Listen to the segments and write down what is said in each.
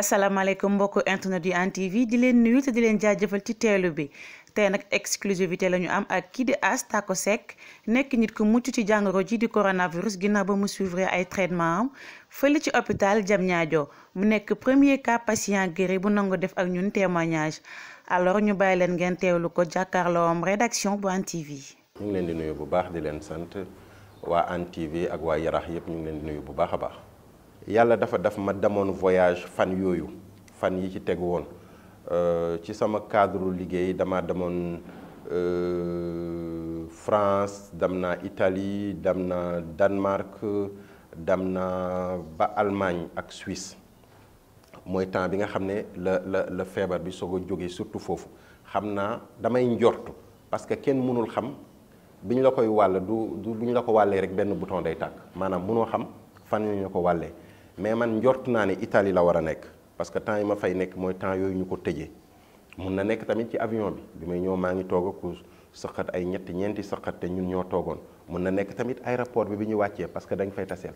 assalamu alaykum mbokk internet du antv di len nuyu te di len jaajëfal ci teelu bi tey nak exclusivité lañu am ak kii di Ass Taco nek nit ko mucc ci jangoro ji di coronavirus ginnaaw ba mu suivre ay traitement am ci hôpital Diamniadio mu nek premier cas patient guéri bu nango def ak ñun témoignage alors ñu bàyyi len ngeen téwlu ko am rédaction bu antv ñu len di nuyu bu baax di len sante wa antv ak wa yarah yëpp ñu len di nuyu bu baaxa baax yalla dafa daf ma damone voyage fan yoyu fan yi ci won euh ci sama cadre liguey dama euh France damna naa Italie dem Danemark damna ba Allemagne ak Suisse moy temps bi nga xam le le le la bi sogo a surtout fofu xamna damay njortu parce que kenn mënul xam biñ la koy wal du du bu la ko walé rek ben bouton day tak manam mënoo xam fan ñu ko walé mais man njort naa ne Italie la war a nekk parce que temps yi ma fay nekk mooy temps yooyu ñu ko tëjee mun na nekk tamit ci avion bi bi may ñëw maa ngi toog ak sëqat ay ñetti ñeenti sëqat te ñun ñoo toogoon mun na nekk tamit aéroport bi bi ñu wàccee parce que dañ fay taseel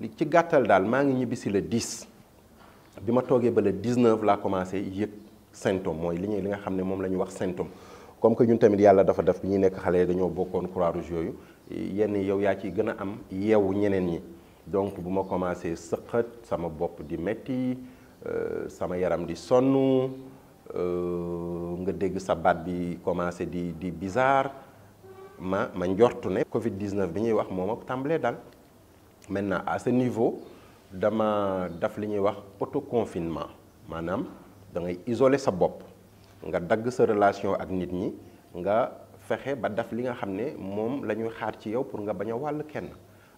li ci gàttal daal maa ngi ñibbisi le 10 bi ma toogee ba le 19 laa commencé yëg symptôme mooy li ñuy li nga xam ne moom la ñu wax symptôme comme que ñun tamit yàlla dafa def bi ñuy nekk xale dañoo bokkoon croix rouge yooyu yenn yow yaa ciy gën a am yeewu ñeneen yi donc bu ma commencé sëqat sama bopp di metti euh, sama yaram di sonn euh, nga dégg sa baat bi commencé di di bizarre ma ma njortu Covid 19 bi ñuy wax moom ak tàmbalee daal maintenant à ce niveau dama daf li ñuy wax confinement manam da ngay isoler sa bop nga dagg sa relation ak nit ñi nga fexé ba daf li nga xamné mom lañuy xaar ci yow pour nga baña wal kenn.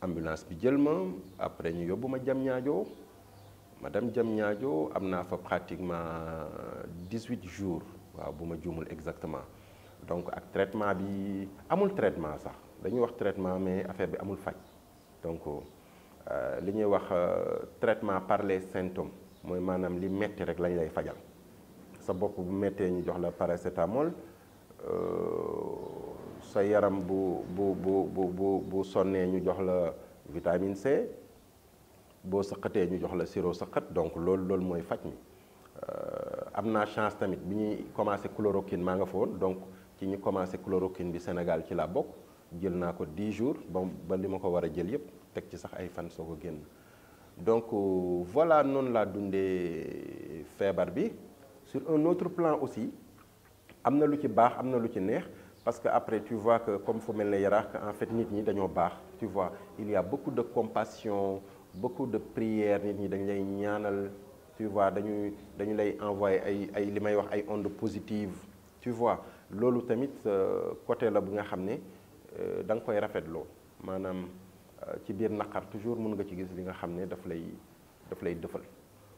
ambulance bi jël ma après ñu yobuma ma jam ñaajo ma jam ñaajo am fa pratiquement dix-huit jours waaw buma ma exactement donc ak traitement bi amul traitement sax dañuy wax traitement mais affaire bi amul faj donc euh, li ñuy wax euh, traitement par les symptômes moy manam li metti rek lañ lay fajal sa bopp bu mettee ñu jox la paracétamol euh, sa yaram bu bu bu bu bu sonné ñu jox la vitamine C boo sëqatee ñu jox la sirop sëqat donc lool lool moy faj mi euh amna chance tamit bi ñuy commencé chloroquine ma nga fa donc ci ñi commencé chloroquine bi Sénégal ci la bok, jël nako ko 10 jours ba ba li ma ko jël yépp tek ci sax ay fan soko génn donc euh, voilà non la dundé fièvre bi sur un autre plan aussi amna lu ci bax amna lu ci neex parce que après tu vois que comme fu mel ne en fait nit ñi dañoo baax tu vois il y a beaucoup de compassion beaucoup de prières nit ñi dañ lay ñaanal tu vois dañuy dañu lay envoyer ay ay li wax ay ondes positives tu vois loolu tamit euh, côté la bu nga xamné euh, dang da nga koy rafetloo maanaam euh, ci bir nakar toujours mën nga ci gis li nga xamné daf lay daf lay defal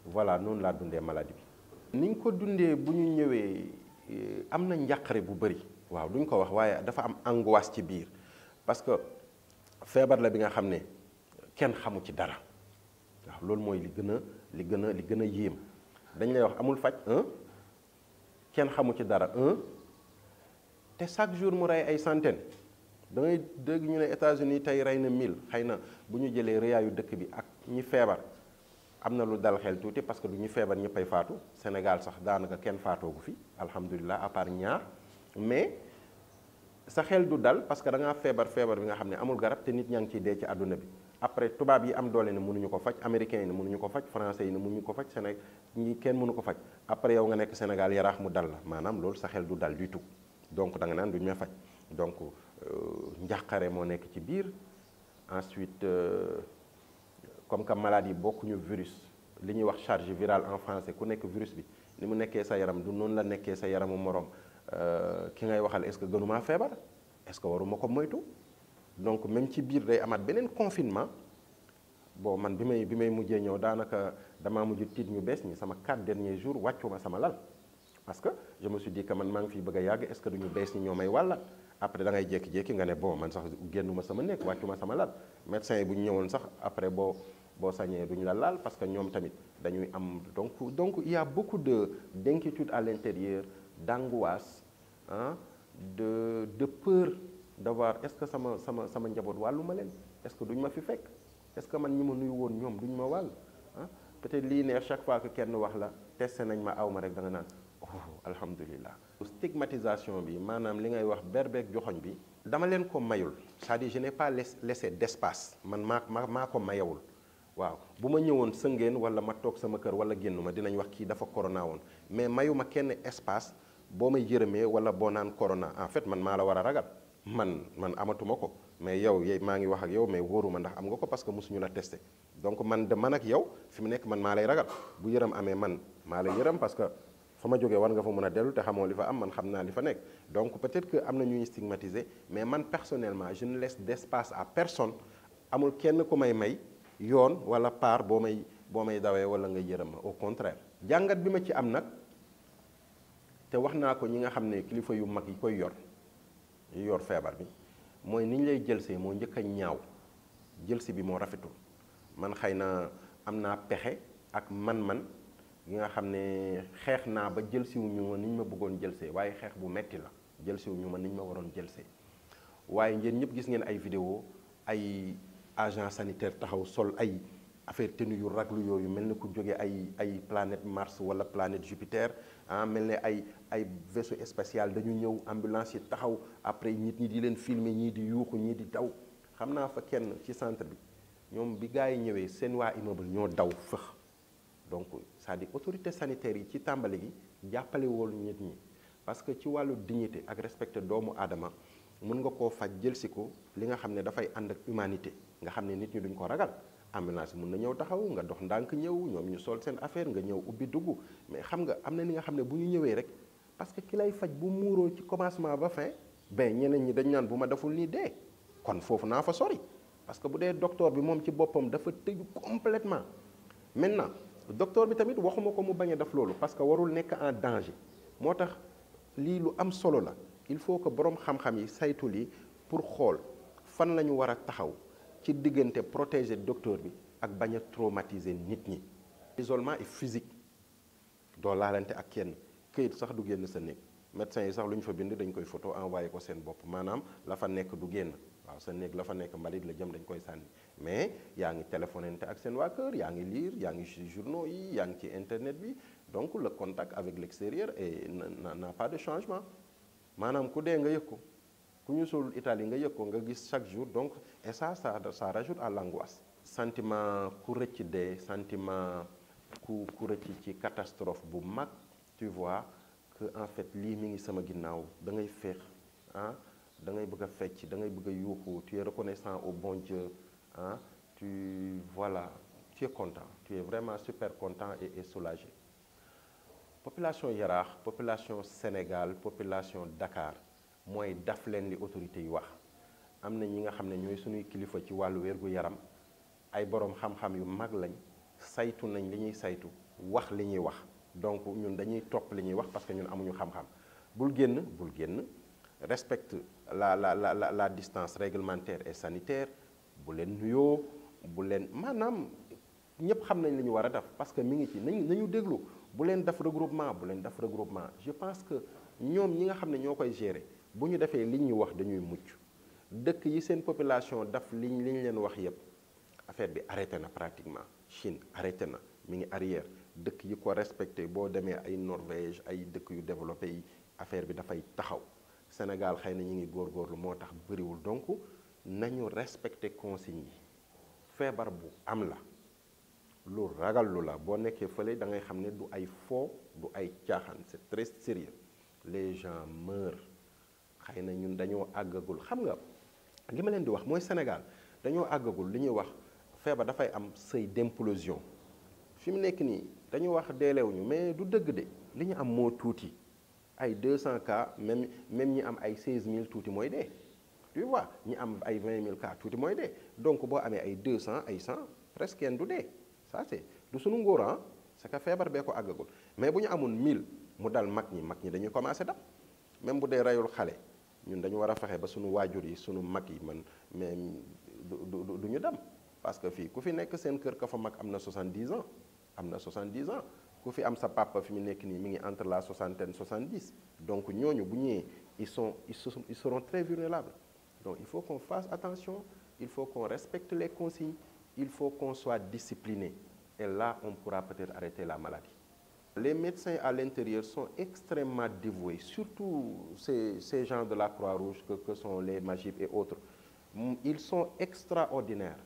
voilà non la dundé maladie bi. ni ko dundé bu ñu ñëwee am bu bari waaw duñ ko wax waaye dafa am angoisse ci biir parce que feebar la bi nga xam ne kenn xamu ci dara waaw loolu mooy li gën a li gën a li gën a yéem dañ lay wax amul faj kenn xamu ci dara te chaque jour mu rey ay centaines da ngay dégg ñu ne États-Unis tey rey na mille xëy na bu ñu jëlee réyaayu dëkk bi ak ñi feebar am na lu dal xel tuuti parce que du ñu feebar ñëppay faatu Sénégal sax daanaka kenn faatoogu fi alhamdulilah à part ñaar. mais sa xel du dal parce que da nga fièvre fièvre bi nga xamné amul garab té nit ñang ci dé ci aduna bi après tubaab yi am doole ne mënuñu ko fajj américain yi ne mënuñu ko fajj français yi ne mënuñu ko fajj Sénégal ñi kenn mënu ko fajj après yow nga nekk Sénégal yaraax mu dal la maanaam loolu sa xel du dal du tout donc da nga nan duñ më fajj donc euh, njàqare mo nekk ci biir ensuite euh, comme comme maladie ñu virus li ñuy wax charge virale en français ku nekk virus bi ni mu nekké sa yaram du non la nekké sa yaramu morom euh, ki ngay waxal est-ce que gënuma feebar est-ce que waruma ko moytu donc même ci biir day amat benen confinement bo man bimay bimay mujjé may danaka dama daanaka tit ñu bess ni sama quatre derniers jours waccuma sama lal parce que je me suis dit que man mang fi bëgg yag est-ce que duñu bess ni ñomay ñoo après da ngay jéki jéki nga né bon man sax gënuma sama nek waccuma sama lal médecin bu ñu sax après bo bo sañé duñu la lal parce que ñom tamit dañuy am donc donc il y a beaucoup de d'inquiétude à l'intérieur d'angoisse ah de de peur d'avoir est-ce que sama sama sama njaboot wàllu ma leen est-ce que duñ ma fi fekk est-ce que man ñi ma nuyu woon ñoom duñ ma wàll ah peut-être lii ne chaque fois que kenn wax la testé nañ ma aw ma rek da nga naan oh alhamdulilah. stigmatisation bi maanaam li ngay wax berbeek joxoñ bi. dama leen ko mayul c'est-à-dire je n'ai pas laissé d'espace man maa ma maa ko mayewul waaw bu ma ñëwoon sëngeen wala ma toog sama kër wala génn ma dinañ wax kii dafa corona woon mais mayu ma kenn espace. boo may yërëmee wala boo naan corona en fait man maa la war a ragal man man amatuma mais yow yey maa wax ak yow mais wóoruma ndax am nga ko parce que musuñu la tester donc man de man ak yow fimu nek man malay ragal bu yërëm amé man malay lay parce que fa ma war nga fa mëna delu té te xamoo li fa am man xamna li fa nek donc peut-être que amna na ñuy stigmatiser mais man personnellement je ne laisse d'espace à personne amul kenn ku may may yoon wala part boo may boo may wala nga yërëm au contraire jangat bima ci am nak te wax naa ko ñi nga xam ne kilifa yu mag yi koy yor yu yor feebar bi mooy ni ñu lay jëlsee moo njëkk a ñaaw jëlsi bi moo rafetul man xëy na am naa pexe ak man-man yi nga xam ne xeex naa ba jëlsiwuñu ma ni ñu ma bëggoon jëlsee waaye xeex bu metti la jëlsiwuñu ma ni ñu ma waroon jëlsee waaye ngeen ñëpp gis ngeen ay video ay agent sanitaire taxaw sol ay affaire tenue yu raglu yooyu mel na ku jóge ay ay planète Mars wala planète Jupiter ah mel ne ay ay vaisseau spatial dañu ñëw ambulance yi taxaw après nit ñi di leen filmer ñii di yuuxu ñii di daw xam naa fa kenn ci centre bi ñoom bi gars yi ñëwee seen waa immeuble ñoo daw fëx donc cest di dire autorité sanitaire yi ci tàmbali gi jàppale woon nit ñi parce que ci wàllu dignité ak respecté doomu aadama mën nga koo faj jëlsi ko li nga xam ne dafay ànd ak humanité nga xam ne nit ñi duñ ko ragal ambulance mun na ñëw taxaw nga dox ndànk ñëw ñoom ñu sol seen affaire nga ñëw ubbi dugg mais xam nga am na ni nga xam ne bu ñu ñëwee rek parce que ki lay faj bu muuroo ci commencement ba fin ben ñeneen ñi dañ naan bu ma deful nii dee kon foofu naa fa sori parce que bu dee docteur bi moom ci boppam dafa tëju complètement maintenant docteur bi tamit waxuma ko mu bañ a def loolu parce que warul nekk en danger moo tax lii lu am solo la il faut que boroom xam-xam yi saytu lii pour xool fan la ñu war a taxaw ci diggante protéger docteur bi ak baña traumatiser nit ñi. isolement est physique do laalante ak kenn këyit sax du génn sa néeg médecin yi sax luñ fa bind dañ koy photo envoyer ko seen bopp maanaam la fa nekk du génn waaw sa néeg la fa nekk mbalit la jëm dañ koy sànni mais yaa ngi téléphonante ak seen waa kër yaa ngi lire yaa ngi journaux yi yaa ngi ci internet bi donc le contact avec l'extérieur et n'a pas de changement maanaam ku dee nga yëg ko. Nous sommes suul Italie nga yëg ko nga chaque jour donc et ça ça ça rajoute à l'angoisse sentiment ku sentiment ku catastrophe bu mag tu vois que en fait lii mi ngi sama ginnaaw da ngay faire, ah, hein, da ngay bëgg tu es reconnaissant au bon Dieu hein? tu voilà tu es content tu es vraiment super content et, et soulagé population Gérard, population Sénégal population Dakar moy daf leen li autorité yi wax amna ñi nga xam ñoy suñu kilifa ci walu wér-gu-yaram ay borom xam-xam yu mag lañ saytu nañ li ñuy saytu wax li ñuy wax donc ñun dañuy top li ñuy wax parce que ñun amuñu xam-xam bul génn bul génn respecte la la la la la distance réglementaire et sanitaire bu leen nuyoo bu leen manam ñëpp xam nañ li ñu war def parce que mi ngi ci nañu déglu bu leen def regroupement bu leen def regroupement je pense que ñom ñi nga xam ñokoy gérer bu ñu defee li ñu wax dañuy mucc dëkk yi seen population daf liñ liñ leen wax yépp affaire bi arrêté na pratiquement Chine arrêté na mi ngi arrière dëkk yi ko respecté boo demee ay Norvège ay dëkk yu développé yi affaire bi dafay taxaw Sénégal xëy na ñu ngi góorgóorlu moo tax bëriwul donc nañu respecté consigne yi feebar bu am la lu ragal lu la boo nekkee fële da ngay xam ne du ay faux du ay caaxaan c'est très sérieux les gens meurent xëy na ñun dañoo àggagul xam nga li ma leen di wax mooy Sénégal dañoo àggagul li ñuy wax feebar dafay am seuil d'implosion fi mu nekk nii dañoo wax deelewuñu mais du dëgg de li ñu am moo tuuti ay 200 cas même même ñi am ay 16000 tuuti mooy dee tu vois ñi am ay 20000 cas tuuti mooy dee donc boo amee ay 200 ay 100 presque en du dee ça c'est du sunu ngóoraan ah. c'est que feebar bee ko àggagul mais bu ñu amoon 1000 mu dal mag ñi mag ñi dañuy commencer dab même bu dee reyul xale. ñun dañu wara a ba suñu waajur yi suñu mag yi man mais duñu dam parce que fi ku fi nek sen kër ka fa mag 70 ans amna 70 ans ku fi am sa papa fi mi mi ngi entre la soixantaine 70 donc ñooñu bu ils ils seront très vulnérables donc il faut qu'on fasse attention il faut qu'on respecte les consignes il faut qu'on soit discipliné et là on pourra peut-être arrêter la maladie les médecins à l'intérieur sont extrêmement dévoués, surtout ces, gens de la Croix-Rouge que, sont les Magib et autres. Mm, ils sont extraordinaires.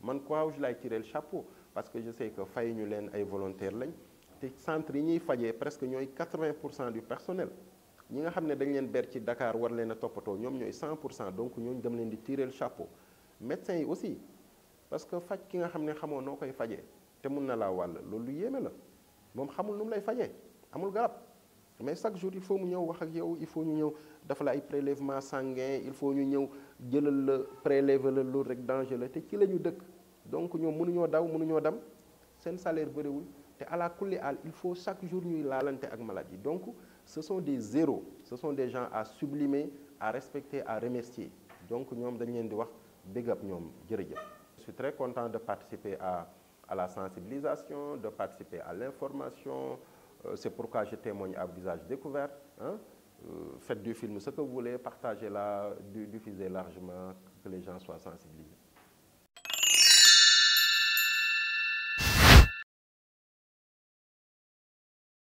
je Man quoi, je l'ai tiré le chapeau parce que je sais que les Len est volontaire. Les centres, ils presque 80% du personnel. ñi nga des dañ leen ber ci Dakar war à 100 donc ils dem leen tirer le chapeau médecins aussi parce que faj ki nga xam ne xamoo noo koy fajee na la moom xamul nu mu lay fajee amul garab mais chaque jour il faut mu ñëw wax ak yow il faut ñu ñëw dafa la ay prélèvement sanguin il faut ñu ñëw jëlal la prélever la loolu rek danger la te ci la ñu dëkk donc ñoom mënuñoo daw mënuñoo dam seen salaire bëriwul te ala coulée al il faut chaque jour ñuy laalante ak maladie donc ce sont des zéros ce sont des gens à sublimer à respecter à remercier donc ñoom dañ leen di wax big up ñoom jërëjëf. je suis très content de participer à à la sensibilisation, de participer à l'information. Euh, c'est pourquoi je témoigne à visage découvert. Hein. Euh, faites du film ce que vous voulez, partagez-la, diffusez largement, que les gens soient sensibilisés.